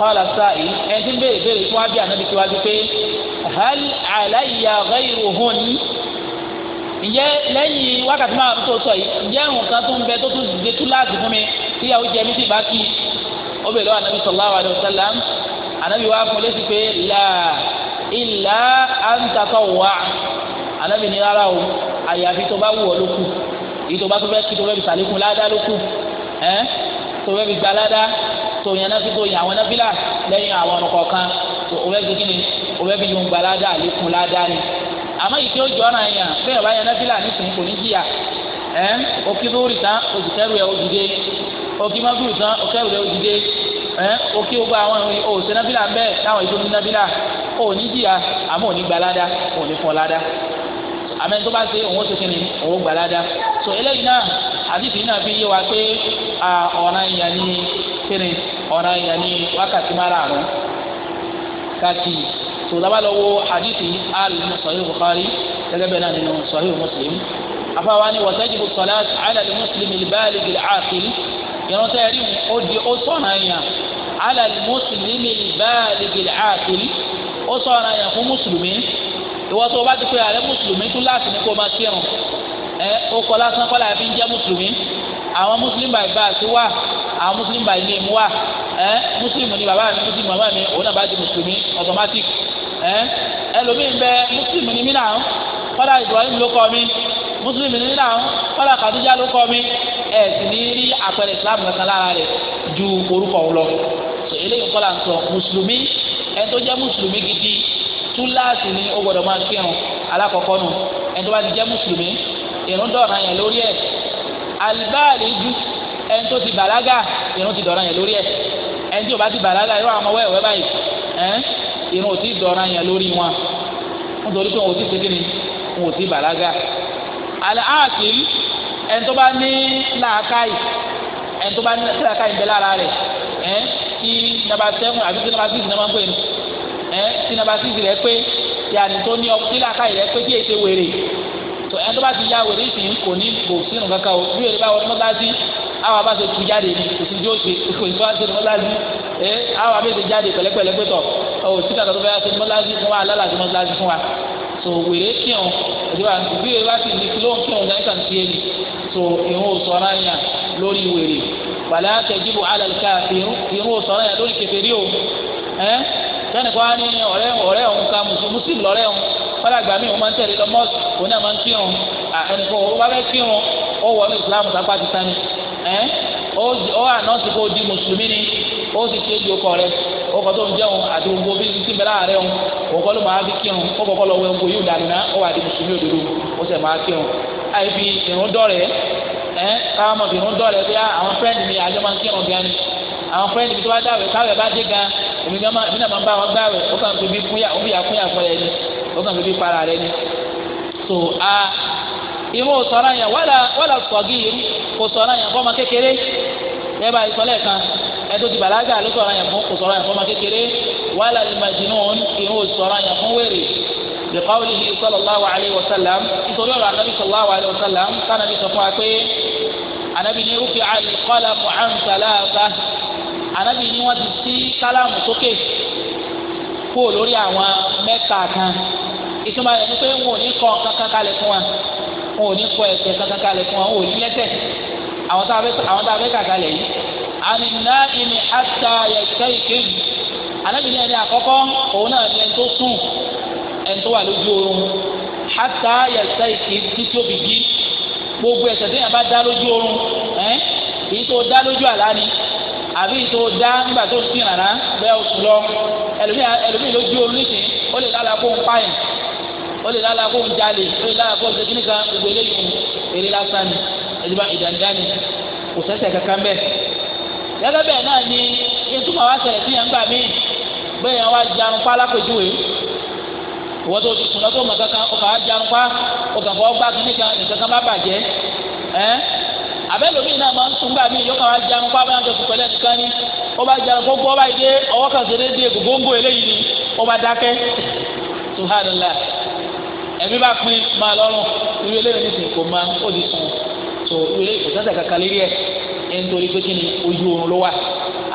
qala sa'il ẹni tí ń béèrè béèrè tí wọ́n á bí anabi tí wọ́n á bí pé hal alayya ghayruhun ǹjẹ́ lẹ́yìn wákàtí máa tó sọ yìí ǹjẹ́ nǹkan tó ń bẹ tó tún dé tú láàzì fún mi tíyàwó jẹ mí sì bá kí ó bẹ̀ lọ́wọ́ anabi sallallahu alaihi wasallam anabi wa fún lẹ́sìn pé là ilà àǹtakọ̀ wà anabi ní rárá o àyàfi tó bá wù ọ́ ló kù èyí tó bá tó fẹ́ kí tó fẹ́ fi sàlékún ládá ló kù ẹ́ tó fẹ́ fi gba ládá tó yàn náà fi tó yàn àwọn náà fi là lẹ́yìn àwọn ọ̀nà kọ̀ọ̀kan tó àmọ́ ìdí ojú ọ̀nà yẹn bẹ́ẹ̀ bá yẹn náfìlà nísìnyí kò ní jìyà ẹ̀ òkè lórí tán oṣù kẹrù ẹ̀ òdìdé òkè mọ́bìlì tán òkẹrù ẹ̀ òdìdé ẹ̀ òkè gbogbo àwọn ìròyìn òsè náfìlà bẹ́ẹ̀ táwọn gbalada òní fọlada àmọ́ tó bá ṣe òun ni gbalada so eléyìí náà àdìsí náà fi yé wa pé ọ̀nà ìyàn ní kí ni ọ̀nà ìyàn ní wákàtí so laba lọ wo hadithi alinu sahih bukhari gẹ́gẹ́ bẹ́ẹ̀ náà nínú sahih muslim afaawa ni watajibu salat ala li muslim ilbaali gil caaqil yẹnu tẹ ẹri o di o sọnna yẹn ala li muslim ilbaali gil caaqil o sọnna yẹn fún musulumi ìwọ́sọ̀ bá ti pé ààrẹ mùsùlùmí tún láti ní kó máa kírun ẹ ó kọ lásán kọ́lá àfi ń jẹ́ mùsùlùmí àwọn mùsùlùmí bàbá báàsì wà àwọn mùsùlùmí bàbá ní ìmú wà ẹ mùsùlùmí ni bàbá mi mùsùlùmí bàbá mi òun náà bá di mùsùlùmí automatic ẹ ẹlòmíì ń bẹ mùsùlùmí ni mí náà kọ́dà Ibrahim ló kọ́ mi mùsùlùmí ni mí náà kọ́dà Kàdíjà ló kọ́ mi ẹ sì ní rí àpẹẹrẹ Islam kankan lára rẹ̀ ju orúkọ wọn lọ sọ eléyìí kọ́ là ń sọ mùsùlùmí ẹ tó jẹ́ mùsùlùmí gidi túláàsì ni ó gbọdọ̀ máa kírun alákọ̀ọ́kọ́ nù ẹ tó bá ti jẹ́ mùsùlùmí ìrun dọ̀ràn yẹn lórí ẹ̀ alibáàlì ju ẹ tó ti bàlágà ìrun ti dọ̀ràn yẹn lórí ẹ̀ ẹ tí o bá ti bàlágà irú àwọn ọmọ irun ò tí dọ̀ràn yẹn lórí wọn nítorí pé wọn ò tí ṣe kíni wọn ò tí bàlágà àlẹ́ àkìlì ẹni tó bá ní làákàyè ẹni tó bá ní làákàyè ń bẹ lára rẹ̀ ẹ́ kí nàbà sẹ́wọ̀n àbí kí nàbà sísì nàbà ń pè ní ẹ́ kí nàbà sísì rẹ̀ pé yàrá tó ní ọkùnrin làákàyè rẹ̀ pé kí èsè wèrè tó ẹni tó bá ti ya wèrè ìsìn kò ní kò sínú kankan o bí wèrè bá wọlé mọ́tàsí àwọn abá ṣe tu jáde ní kò sí jóòsè kò sí bá ṣe mọ́tàsí ẹ́ àwọn abá ṣe jáde pẹ̀lẹ́pẹ̀lẹ́ pẹ̀tọ̀ ọ̀ sí kàkà tó fẹ́ ṣe mọ́láṣí fún wa alálàájú mọ́láṣí fún wa tó wèrè kíọ̀n ìdíwà bí wèrè bá ti ní kílóhùn kíọ̀n náà kàn tiẹ̀ ni tó ìhun òsọ̀rọ̀ yẹn lórí wèrè wàlẹ́ àtẹ̀jìbò alàlùkà ìhun òsọ̀rọ̀ yẹn lórí kẹfẹ́rí o ẹ́ sani kọ́ ni ọ̀rẹ́ ọ̀rẹ́ òun ka mùsùlùmí lọ́rẹ́ òun fọlá gbà mí òun máa ń tẹ̀lé lọ mọ́ọ̀sì òun náà máa ń kírun ẹnìkan òun bá fẹ́ kírun ó wọ ní islam sápá ti ó kọ́ tó ń jẹun àti gbogbo bí ti bẹ̀rẹ̀ àárẹ̀ òun òun ló máa fi kírun ó kọ́kọ́ lọ wẹ gbogbo yóò dànù ná ó wà mùsùlùmí òdodo ó sì máa kírun àyè fi ìrún dọ̀rẹ́ ẹ káwọn ọmọ fi ìrún dọ̀rẹ́ bí ah, àwọn fẹ́ǹdì mi àjọ máa ń kírun gan ni àwọn fẹ́ǹdì mi tó bá dáwẹ̀ káwẹ̀ bá dé gan èmi náà máa ń bá wọn gbáwẹ̀ ó kàn fi bí kúnyà ẹtọ́ ti bàlágà ló sọ̀rọ̀ yẹn fún kò sọ̀rọ̀ yẹn fún ọmọ kékeré wàhálà ni majinun ìhun sọ̀rọ̀ yẹn fún wèrè lèkọ́wìlì sallallahu alayhi wa sallam nítorí ọ̀rọ̀ anabi sallallahu alayhi wa sallam sọ fún wa pé anabi ní rúfi alikọ́lá muhammadalasa anabi ní wọ́n ti sí kálámù sókè kú lórí àwọn mẹ́ta kan ìtumọ̀ rẹ̀ ni pé wọn ò ní kọ́ kankan kalẹ̀ fún wa wọn ò ní kọ́ ẹ̀sẹ̀ kankan kalẹ̀ fún wa wọn ò ní lẹ́tẹ̀ àwọn tá a fẹ́ kàkalẹ̀ yìí àní náà ìní àtà yẹ̀kẹ́ ìkéyì anábìrin ẹni àkọ́kọ́ òun náà ni ẹni tó sùn ẹni tó wà lójú oorun àtà yẹ̀kẹ́ ìkéyì títí òbí jí gbogbo ẹ̀ṣẹ̀ tí yẹn bá dá lójú oorun ẹ̀ èyí tó dá lójú àlá ni àbí tó dá nígbà tó ti rànà bẹ́ẹ̀ oṣù lọ ẹlòmíì lójú oorun nìsín ó lè lálàá kó ń pààyàn ó lè lálàá kó ń jalè ó lè lálàá kó ń segin gbogbo eléyìí eré lásán ni ẹ̀dùnmá gẹ́gẹ́ bẹ́ẹ̀ náà ni ìtumọ̀ wa ṣẹlẹ̀ sí yẹn gbà mí gbé yẹn wá jarun pa alápèjúwe ìwọ́n tó tuntun lọ́tọ́ mọ̀ kankan ọkàn wá jarun pa ọkàn fọ́ gbá kí nìkan nìkan bá bàjẹ́ abẹ́lómi náà máa ń tún gbà mí yọkàn wá ni ó bá jarun gbọ́ báyìí dé ọwọ́ kan ṣe déédéé gbogbo eléyìí ni ó bá dákẹ́ subhanallah ẹ̀mí bá pin máa lọ́rùn eléyìí kò máa ó di sùn tó kankan nítorí pé kí ni ojú oorun ló wà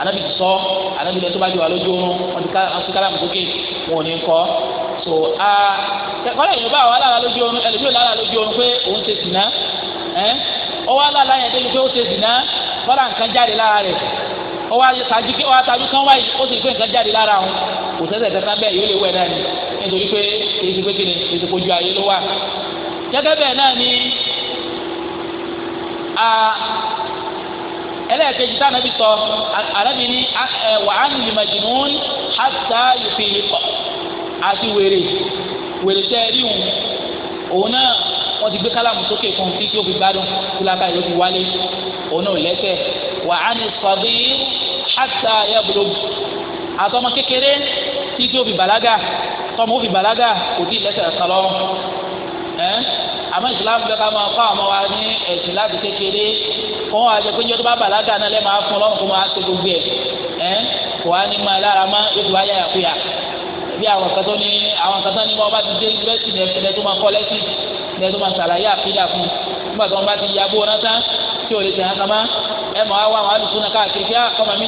anabi ti sọ anabi lẹ tó bá jọ wà lójú oorun wọn ti ká wọn ti kálàmù sókè wọn ò ní kọ so aa kọ́lá yìí bá wà lára lójú oorun ẹlòmíràn lára lójú oorun pé òun ṣe sìnà ẹ ọwọ́ alára yẹn débi pé ó ṣe sìnà kọ́lá nǹkan jáde lára rẹ̀ ọwọ́ àtàjú kí ọwọ́ àtàjú kan wáyé ó sì pé nǹkan jáde lára òun kò sẹ́sẹ̀ kankan bẹ́ẹ̀ yóò lè wẹ̀ náà ni nítorí pé èyí ti pé kí ni èyí ti kojú ayé ló wà gẹ́gẹ́ bẹ́ẹ̀ náà ni ẹlẹ́ẹ̀kejì tá ànábì sọ ànábì ní wà á nílùú majinun hasa yòókè yìkọ àti wèrè wèrè tẹ́ ẹ rí òun òun náà wọ́n ti gbé kálámù sókè fún un títí ó fi gbádùn kúlákà yóò fi wálé òun náà lẹ́sẹ̀ wà á ní sọ̀bí hasa yablo àtọmọ kékeré títí ó fi bàlágà tọmọ ó fi bàlágà kò tí ì lẹ́sẹ̀ sọlọ ẹ àmọ́ ìsìlámù bẹ ká máa kọ́ àwọn wa ní ẹ̀sìn láti kékeré wọn wà jẹ pé njọ́ tó bá bàlágà náà lẹ́ máa fún ọlọ́run kó máa ṣe gbogbo ẹ̀ ẹ́ kò wá ní máa lára má ètò a àyàkúyà bí àwọn kan ní àwọn kan ní wọn bá ti dé tó máa kọ́ lẹ́sì tó máa fún nígbà wọn bá ti ya bó wọn tán tí ò lè tẹ̀ hàn ẹ mọ̀ àwọn àwọn alùsùn náà káàkiri ah, mi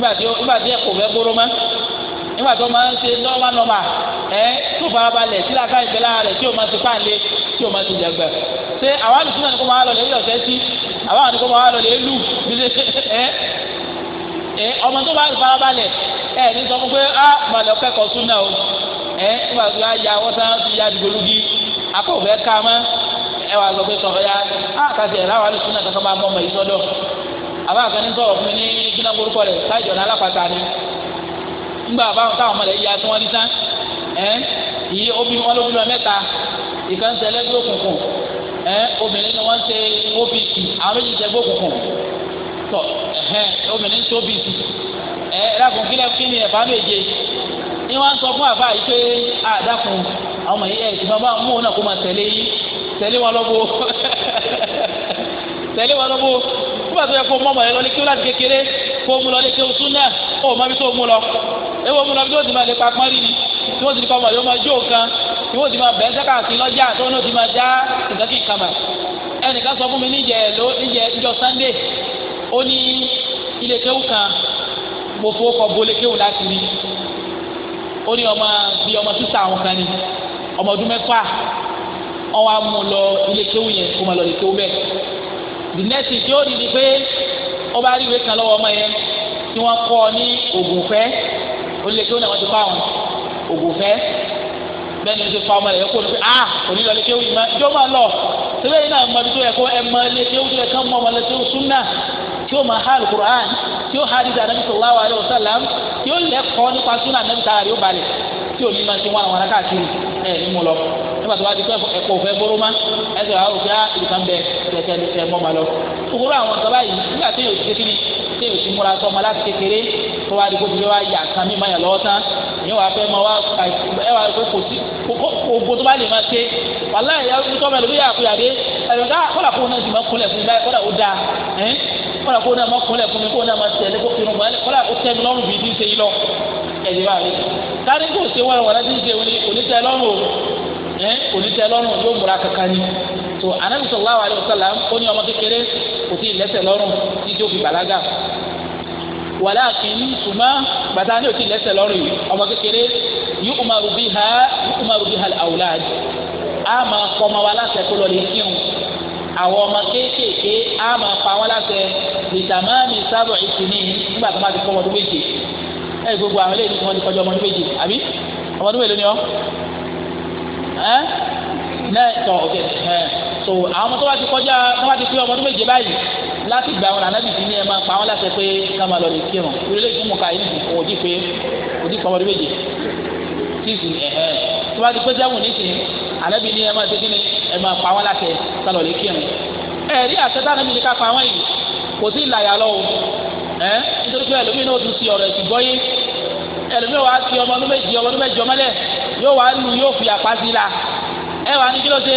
náà ti nígbà tó máa ń ṣe nọ́ọ̀mà nọ́ọ̀mà ẹ tó farabalẹ̀ tí làákà ìbẹ́lá rẹ̀ tí o máa ti pàǹlẹ̀ tí o máa ti jẹgbẹ́ ṣé àwọn àlùsùn náà ni kò máa lọ lè rí ọ̀sẹ̀ sí àwọn àlùsùn náà ni kò máa lọ lè lù bí ṣe ẹ ẹ ọmọ tó bá farabalẹ̀ ẹ ní sọ fún pé a màlẹ̀ kẹ́kọ̀ọ́ sún náà o ẹ nígbà tó yà ya wọ́n sáà ti ya dìgbòlugi akọ̀fẹ́ ká mọ́ ẹ wà lọ pé sọ̀rọ̀ ya a kàtì ẹ̀ láwọn àlùsùn náà kankan máa mọ ọmọ yìí sọ́dọ̀ àbá àkànní ńgbà báwọn táwọn ọmọ rẹ̀ yá tí wọ́n ní tán ẹ́ ìyí obìnrin wọn lóbìnrin mẹ́ta ìkan ṣe ẹlẹ́gbẹ́ òkùnkùn ẹ́ obìnrin ni wọ́n ṣe obc àwọn méjì ṣe ẹgbẹ́ òkùnkùn tọ ẹ̀hẹ́n obìnrin ṣe obc ẹ́ ẹ̀dàkùn kílẹ̀ kí ni ẹ̀fà méje ni wọ́n sọ fún àbá yìí pé àdàkùn àwọn ọmọ yìí ẹ̀ ti máa bá mú òun náà kó máa tẹ̀lé yìí tẹ̀lé wọn lọ́wọ́ tẹ̀lé wọn lọ́wọ́ nígbà tó yẹ kó mọ́ ọmọ yẹn lọ ewo mu lọ bí wọ́n ti máa lè papọ́n rí ni tí wọ́n ti kọ́ ọmọ yóò máa jó kan tí wọ́n ti máa bẹ̀ẹ́ sẹ́kà sí lọ́jà tó wọ́n ti máa já nǹkan kí nǹkan mà ẹnìkan sọ fún mi níjẹ ló níjẹ níjọ Sunday ó ní ilé kéwù kan mo fowó kọ bolé kéwù láti rí ó ní ọmọ bíi ọmọ sísá àwọn kan ni ọmọ ọdún mẹ́fà wọ́n wá mú lọ ilé kéwù yẹn kó máa lọ ilé kéwù bẹ́ẹ̀ the next thing tí ó di ni pé ó bá kan lọ́wọ́ ọmọ yẹn tí wọ́n kọ́ ọ ní ògùnfẹ́ onílé kéwù náà wọ́n ti fa àwọn ògùnfẹ́ bẹ́ẹ̀ ni o ti fa ọmọ rẹ̀ yẹ kó o ní pé ah onílọ̀lẹ́ kéwù yìí má jọ máa lọ síbẹ̀ yìí náà mọ̀ bí yẹ kó ẹ mọ ilé kéwù tó yẹ kán mọ ọmọlẹ́ kéwù súnà tí ó máa ha alukur'an tí ó ha adiza anabi sallallahu alayhi wa sallam tí ó lẹ́kọ̀ọ́ nípa súnà anabi sàárẹ̀ ó balẹ̀ tí ò ní máa ti wọn àwọn akáàkiri ẹ̀ ní mo lọ nígbà tó bá di pé ẹ̀kọ́ òfẹ́ gbóró má ah, ẹ̀sẹ̀ àwọn òfẹ́ ìdìkan bẹ tẹ̀tẹ̀ ẹ̀ mọ́ ma lọ. òwúrọ̀ àwọn kaba yìí nígbà tí yóò ti kékeré tó wá di kó fi wá yà kan mí máa yà lọ́wọ́ tán ìyẹn wàá fẹ́ máa wá ẹ wàá fẹ́ kò sí gbogbo tó bá lè máa ṣe wàhálà ìyá tó ọmọ ẹlòmíyà àkúyàdé ẹlòmíyà ah, kọ́là kó náà sì máa kúnlẹ̀ fún mi báyìí kọ́là ó dáa ẹ́ kọ́là kó náà máa kúnlẹ̀ fún mi kó náà máa tẹ̀lé kó fi rùn kọ́là ó tẹ́ mi lọ́rùn bíi ti ń lọ ẹ̀dẹ̀ bá rí kárí kò ṣe wọ́n wọ́n ti ń ṣe onítẹ̀ lọ́rùn ni tó anabi sallallahu alaihi wasallam ó ní ọmọ fi bàlágà wàlá kìíní ṣùgbọ́n bàtà ni ò ti lẹ́sẹ̀ lọ́rùn yìí ọmọ kékeré yìí umaru bí ha yìí umaru bí ha àwùláàdì a máa kọ́ ọmọ wa láṣẹ kó lọ lè kírun àwọn ọmọ kéékèèké a máa pa wọn láṣẹ lìtàmáàmì sábà ìtùní nígbà tó máa ti kọ́ ọmọdún méje ẹ gbogbo àwọn eléyìí tí wọ́n ti kọjá ọmọdún méje àbí ọmọdún mélòó ni ọ́ ẹ́ náà tọ̀ ọ̀gẹ̀ ẹ̀ so àwọn tó bá ti kọjá tó bá ti pé ọmọdún méje báyìí láti gba àwọn ànábì tí ní ẹ máa pa wọn láti pé ká máa lọ lè kírun ìrẹ̀lẹ̀ yìí fún mọ̀ká yìí nìkan òun ò pé kò dì pọ́n méje tí ìsìn ẹ̀hẹ́ tó bá ti pé sẹ́wù nísìn ànábì ní ẹ máa ṣe kí ni ẹ máa pa wọn láti ká lọ lè kírun ẹ̀rí àtẹ́tà ànábì ní ká pa wọn yìí kò sí ìlàyà lọ o ẹ̀ nítorí pé ẹlòmíín náà tún ti ọ̀rọ̀ ẹ̀sìn gbọ́ yé ẹlòmíín wàá ti ọmọ ọdún méje ọmọ ọdún mẹ́jọ mọ́lẹ̀ yóò la ẹ wàá ní kí ló ṣe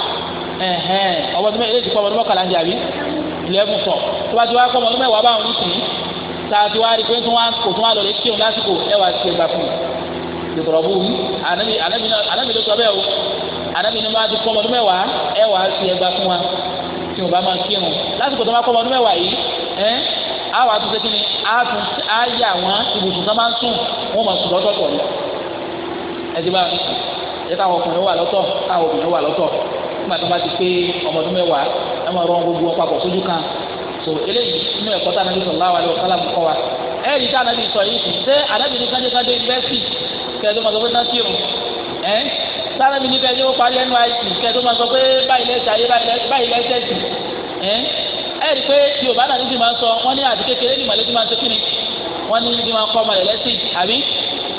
ọmọdún eléyìí kọ́ ọmọdún mọ́kànlá ní àbí eleven tọ̀ tó bá ti wá kọ́ ọmọdún mẹ́wàá báwọn ní sìn tá a ti wá rí pé tí wọ́n kò tún wá lọ lè kírun lásìkò ẹ wá ti gbà fún un lùtọ̀rọ̀ bú mi ànábì ànábì ló sọ bẹ́ẹ̀ o ànábì ni wọ́n ti kọ́ ọmọdún mẹ́wàá ẹ wá ti ẹgbà fún wa tí wọ́n bá máa kírun lásìkò tó bá kọ́ ọmọdún mẹ́wàá yìí a àwọn àtúnṣe kí ni àyà wọn ibùsùn tó máa ń sùn wọn máa sùn lọ́tọ̀ọ̀tọ̀ ẹ ti bá ẹ táwọn ọkùnrin wà lọ́tọ̀ táwọn obìnrin wà lọ́tọ̀ nígbà tó bá ti pé ọmọ ọdún mẹ́wàá ẹ máa rọ gbogbo wọn papọ̀ sójú kan so eléyìí inú ẹ̀kọ́ tá anabi sallallahu alaihi wasallam kọ́ wa ẹ rí tá anabi sọ yìí kù ṣé anabi ní kájékájé yunifásitì kẹẹdó máa sọ pé náà kírun ẹ tá anabi ní kájé ó parí NYSC kẹẹdó máa sọ pé báyìí lẹ́sẹ̀ ayé báyìí lẹ́sẹ̀ sí ẹ ẹ rí pé yorùbá náà níbi máa ń sọ wọn ní àti kékeré ní màlẹ́ tí máa ń ṣe kíni wọn ní níbi máa ń kọ́ ọmọ rẹ̀ lẹ́sìn àbí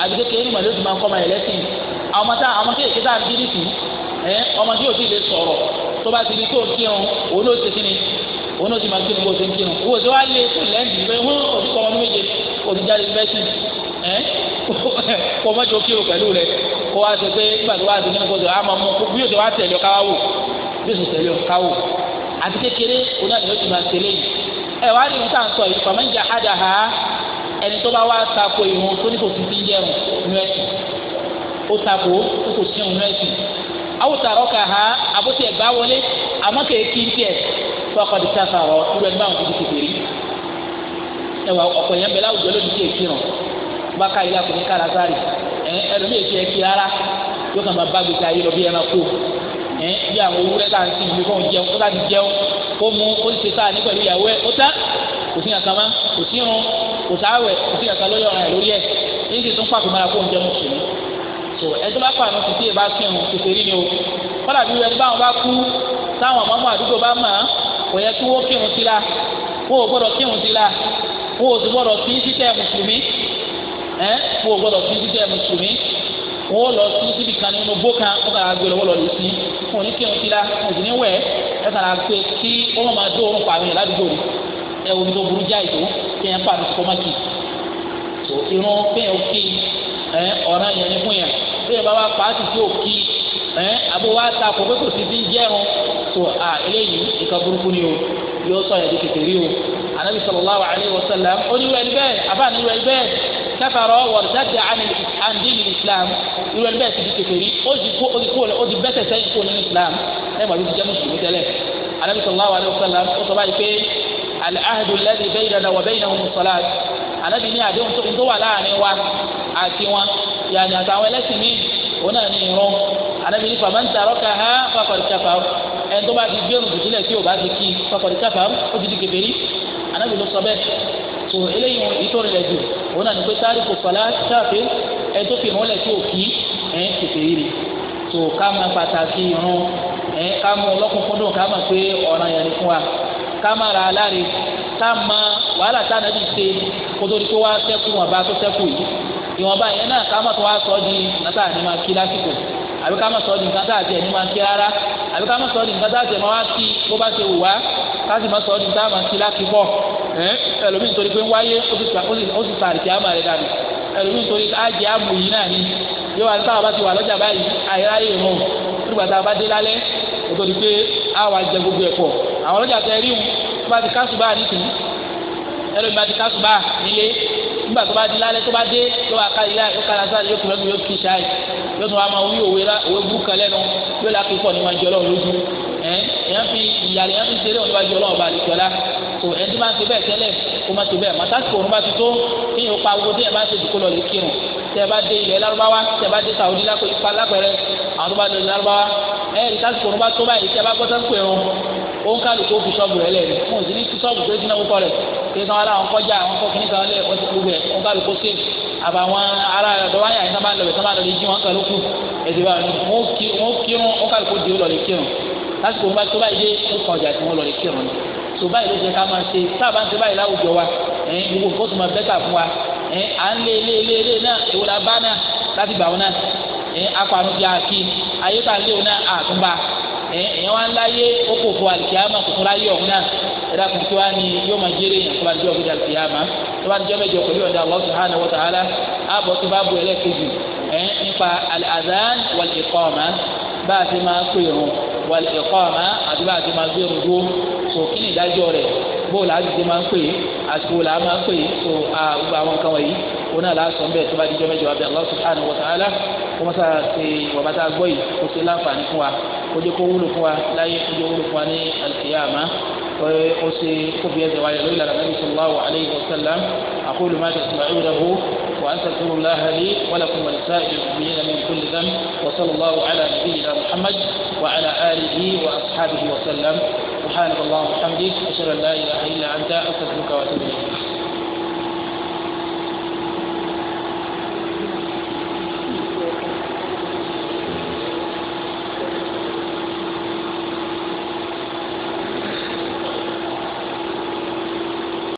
àti kékeré ní màlẹ́ tí máa ń kọ́ ọmọ lẹ́sìn àwọn ọmọ ẹ ọmọ tí yóò ti lè sọ̀rọ̀ tó bá ti di tó kírun òun ló ti kí ni òun ló ti máa kírun bó ti ń kírun wò ó ti wá lé fún lẹ́ǹdì pé wọ́n òdìkọ́ ọmọ méje òdìjáde bẹ́sì ẹ kó o mọ̀jọ kírun pẹ̀lú rẹ kó wá ṣe pé nígbà tó wá ṣe kírun kó ṣe àmọ́ mú bí yóò ṣe wá tẹ̀lé ọ̀ká wò bí yóò ṣe tẹ̀lé ọ̀ká wò àti kékeré òun náà ni yóò ti máa tẹ̀lé yìí ẹ wá rí nǹkan sọ yìí fàmí ìjà hádà ha ẹni tó bá wá tako ìhun tó ní awùtàrọ̀ kà ha àbútẹ̀ bá wọlé àmọ́ kéèké tiẹ̀ fọkàdé sáfàrọ̀ irú ẹni báwọn ti kékeré ẹwà ọ̀pọ̀ yẹn bẹ̀rẹ̀ àwùjọ lónìí kéèké ràn bá ká ilé akọni kára sáré ẹ ẹlòmíì èké ẹkí ara yóò kàn máa bá gbèsè ayé lọ bí ẹran kó ẹ bí àwọn owurẹ́ ká ń sin ìlú kó ń jẹun kó láti jẹun kó mu ó ti ṣe sáà ní pẹ̀lú ìyàwó ẹ ó tán kò sí nǹkan má kò sí irun kò sáwẹ̀ kò sí nǹkan lóyọ̀ ọ̀ràn ẹ̀ lórí ẹ̀ èyí ti tún pàtó mọ́ra kó ń jẹun sùn tó ẹni tó bá pàánù sí tí èèbá sí òun kèsè rí ni o kọ́dà bí ẹni báwọn bá kú táwọn ọmọ àdúgbò bá mọ̀ kò yẹ kí wọ́n kírun sí la wọ́n ò gbọ́dọ̀ kírun sí la wọ́n ò sì gbọ́dọ̀ sí títẹ̀ mùsùlùmí ẹ́ wọ́n ò gbọ́dọ̀ sí títẹ̀ mùsùlùmí wọ́n lọ sí síbi kan nínú bó kan wọ́n kàn á gbé lọ́wọ́ lọ lè sí wọn ò ní kírun sí la wọn ò sì ní wẹ̀ ẹ kàn á gbé kí wọ́n máa dó orun pààrọ̀ yẹn ládùúgbò ẹ wo ní tó burú jáì tó kí ẹ pààrọ̀ kọ́mọ́kì tó irun bẹ́ẹ̀ ó kí ọ̀ràn yẹn ní fún yẹn bí ẹ bá wá pa á sì tí ò kí ẹ àbó wá ta kò pé kò sí ti ń jẹun tó a eléyìí nǹkan burúkú ni o yóò sọ yẹn di kékeré o anabi sallallahu alayhi wa sallam oníwèé ẹni bẹ́ẹ̀ àbá níwèé ẹni bẹ́ẹ̀ kẹfàrọ wọ̀rọ̀dáde àndí ní islam irú ẹni bẹ́ẹ̀ ti di kékeré ó di kó ó di kó ó di bẹ́sẹ̀ sẹ́yìn kó nínú islam ẹ mọ̀ ló ti jẹ́ mùsùlùmí tẹ́lẹ̀ anabi sallallahu alayhi wa sallam ó sọ báyìí pé alahadu lẹ́dí bẹ́yìí dada wà bẹ́yìí náà mùsọ̀lá anabi ní àdéhùn tó wà láàrin wa àti wọn yàní àtàwọn ẹlẹ́sìn mi òun náà ní irun anabi ní faman tarakaha faqad kafara ẹni tó bá ti gbé irun sílẹ̀ tí o bá ti kí faqad kafara ó ti di kèfèrí anabi ló sọ bẹ́ẹ̀ tó eléyìí ìtòrí rẹ̀ jù òun náà ní pé sáré kò fọlá sáfẹ́ ẹni tó fi irun lẹ̀ tí o kí ẹ̀ kèfèrí rẹ̀ tó ká pàtàkì irun ẹ̀ ká mú ọlọ́kùnkúndùn ká pé ọ̀ràn yẹn ni fún wa ká ra aláre ká wàhálà tá a nàbì ṣe kótó ìwọ̀nba yẹn náà ká má tó wá sọ di nǹkan tá à ní máa kí lásìkò àbí ká má sọ di nǹkan tá à tiẹ̀ ní máa kí rárá àbí ká má sọ di nǹkan tá à tiẹ̀ máa wá kí bó bá ṣe wù wá ká sì má sọ di nǹkan tá à máa kí lákìpọ̀ ẹlòmíì nítorí pé ń wáyé ó sì sàrì kí á máa rẹ̀ dànù ẹlòmíì nítorí á jẹ́ àmù yìí náà ni yóò wá táwa bá ti wà lọ́jà báyìí àyíráyè mọ́ nígbà tá a bá dé lálẹ́ kótó di pé á wà jẹ gbogbo ẹ̀pọ̀ àwọn lọ́jà tẹ rí wọn bá ti kásùbà nísìnyí nígbà tó bá di lálẹ́ tó bá dé tó bá ká ilé yóò kára sáré yóò kí lọ́dún yóò kí sáyé yóò tún wá máa wí òwe la òwe bú kan lẹ́nu yóò lákì pọ̀ níwájú jọ lọ́wọ́ lójú ẹ̀ èèyàn fi ìyàrá èèyàn fi ṣeré wọn níwájú ọlọ́wọ́ bá àdìsọ́ la tó ẹ̀ tí máa ń ṣe bẹ́ẹ̀ tẹ́lẹ̀ kó má ṣe bẹ́ẹ̀ màtásìkò òun bá ti tó kí yóò pa owó tí ẹ̀ bá ṣe dùkú lọ lè kírun tẹ́ ẹ bá dé ilẹ̀ Lárúbáwá kí wọn aláwọn kọjá àwọn kọ kíní kan lé wọn ti gbogbo ẹ wọn kábi kó sèf àbàwọn ará ọ̀dọ̀ wáyà yìí sábà lọlẹ sábà lọlẹ jí wọn kà lókù ẹsẹ báyìí wọn kí wọn kírun wọn kábi kó di ó lọlẹ kírun lásìkò wọn bá tó báyìí dé ó kàn ọjà tí wọn lọlẹ kírun ni tó báyìí ló ṣe ká máa ṣe tá a bá ń ṣe báyìí láwùjọ wa ẹ gbogbo nǹkan tó máa bẹ́tà fún wa ẹ à ń lé lé lé lé náà èwo la bá náà láti gbà wọn náà ẹ apànù bíi àkí ayé tá a lé wọn náà àtúnbà èèyàn wá ń láyé ó kò fún alìkíyàmà kò fún láyé ọ̀hún náà ẹ̀dá kan kí wá ní yóò máa jẹ́rè yàn tó bá jẹ́ ọ̀gbìn alìkíyàmà tó bá jẹ́ mẹ́jọ pẹ̀lú ọ̀dà Allah subhanahu wa ta'ala ààbọ̀ tó bá bu ẹlẹ́ẹ̀kejì ẹ̀ nípa al-adhan wal-iqama bá a ti máa ń pè irun wal-iqama àti bá a ti máa gbé irun dúró so kí ni ìdájọ́ rẹ̀ bóòlù àti máa ń pè àti bóòlù àá máa ń pè so gbogbo àwọn nǹkan wọ̀nyí ona la sɔn bɛ tó bá di jɔnmɛ jɔ Allah subhanahu wa ta'ala kɔmɔsa se wabata gbɔ yi kó se láǹfààní fún wa kó jẹ́ kó wúlò fún wa láyé kó jẹ́ wúlò fún wa ní alkiyama ó ṣe kó fi ẹsẹ̀ wáyé lórí lànà nàbí sallallahu alayhi wa sallam aqulu ma tasma'unahu wa astaghfirullaha li wa lakum wa lisa'iril mu'minina min kulli dhanb wa sallallahu ala nabiyyina muhammad wa ala alihi wa ashabihi wa sallam subhanallahu wa bihamdihi ashhadu an la ilaha illa anta astaghfiruka wa atubu ilayk